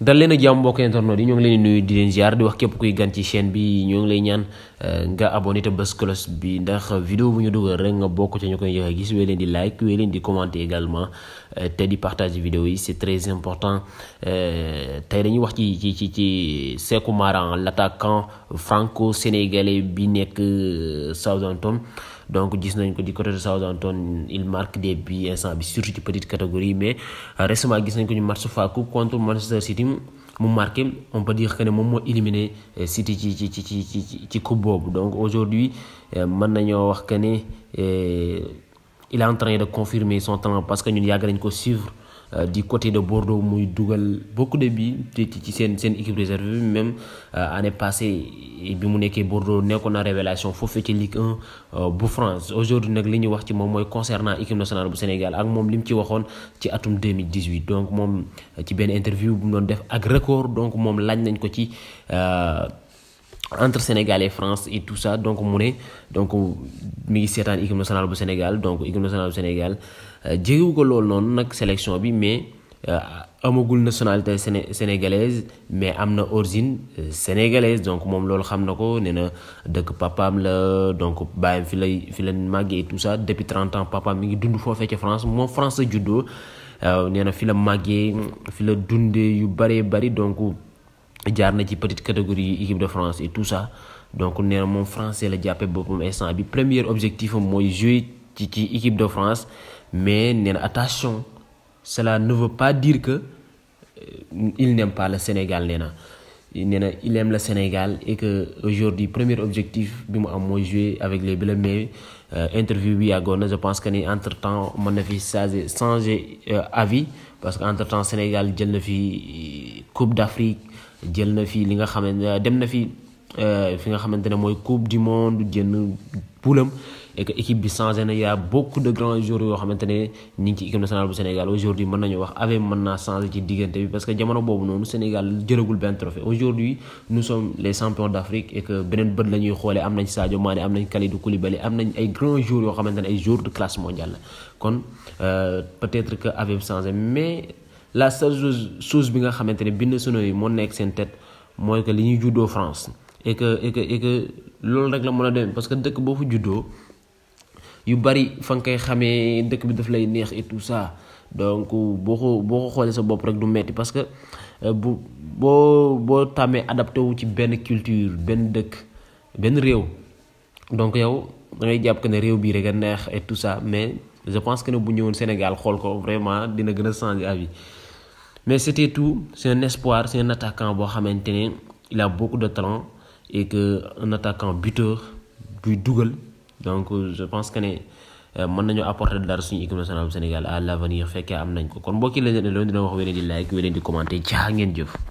dal leen ak internet yi ñoo ngi nuyu di leen ziar di wax képp chaîne bi lay ñaan euh, vidéo bu ñu rek nga bokk a gis wéy di like di commenter également euh, te di partage vidéo c'est très important euh, tey dañuy wax ci ci ci l'attaquant franco-sénégalais bi nekk Southampton donc gis nañ ko di côté de Southampton il marque des buts instant bi surtout ci petite catégorie mais euh, récemment gis nañ ko ñu match fa coupe contre Manchester City mu marqué on peut dire que ne moom moo éliminé euh, City ci ci ci ci ci ci coupe donc aujourd'hui euh, mën nañoo wax que ne il est en train de confirmer son talent parce que ñun yàgg nañ ko suivre euh, du côté de Bordeaux muy dougal beaucoup de bi ci sen sen équipe réserve même euh, année passée bi mu que Bordeaux nekkoon na révélation fofé ci Ligue 1 euh, bu France aujourd'hui nak liñu wax ci mom moy concernant équipe nationale du Sénégal ak moment lim ci waxone ci atum 2018 donc mom ci ben interview bu mu def ak record donc mom lañ nañ ko ci entre Sénégal et France et tout ça donc on donc mi ngi équipe nationale Sénégal donc équipe nationale du Sénégal euh, ko lol non sélection bi mais euh, amagul nationalité sénégalaise mais am origine euh, sénégalaise donc mon loolu xam ko la donc bàyyam fi la fi et tout ça depuis 30 ans papa mi ngi dund fofé ca France mo France judo. néna fi la yu donc jaar na ci petite catégorie équipe de France et tout ça donc nee na moom français la jàppe boppam instant bi premier objectif am mooy jouer ci équipe de France mais attention cela ne veut pas dire que euh, il n'aime pas le Sénégal il aime le Sénégal et que aujourd'hui premier objectif bi mu am jouer avec les Bleus mais euh, interview bi yàggoon je pense que entre temps mën na fi changer euh, avis parce que entre temps Sénégal a na fi Coupe d'Afrique jël na fi li nga xamante dem na fi euh, fi nga xamante ne mooy coupe du monde jënn poulam et que équipe bi changé na y a beaucoup de grands joueurs yoo xamante ne ñi ngi ci équipe nationale bu Sénégal aujourd'hui mën nañu wax avec mën naa changé ci diggante bi parce que jamono boobu noonu Sénégal jëlagul benn trophée aujourd'hui nous sommes les champions d'Afrique et que beneen bët la ñuy xoolee am nañ Sadio Mané am nañ Kalidou Koulibaly am nañ ay grands joueurs yoo xamante ne ay joueurs de classe mondiale la kon euh, peut-être que avec changé mais la seule chose bi nga xamante ne binationaux yi moo nekk seen tête mooy que li ñuy juddoo France et que et que et que loolu rek la mën a demee parce que dëkk boo fa juddoo yu bari fa nga koy xamee dëkk bi daf lay neex et tout ça donc boo ko boo ko xoolee sa bopp rek du metti parce que euh, bu boo boo tàmmee adapté wu ci benn culture benn dëkk benn réew donc yow da ngay jàpp que ne réew bii rek a neex et tout ça mais je pense que ne bu ñëwoon Sénégal xool ko vraiment dina gën a changer avis mais c'était tout c'est un espoir c'est un attaquant qui il a beaucoup de talent et que un attaquant buteur du Google. donc je pense que a apporté euh, nañu apporter la suñu équipe Sénégal à l'avenir Si am nañ ko kon mbokki lañu leen et de wax di like di commenter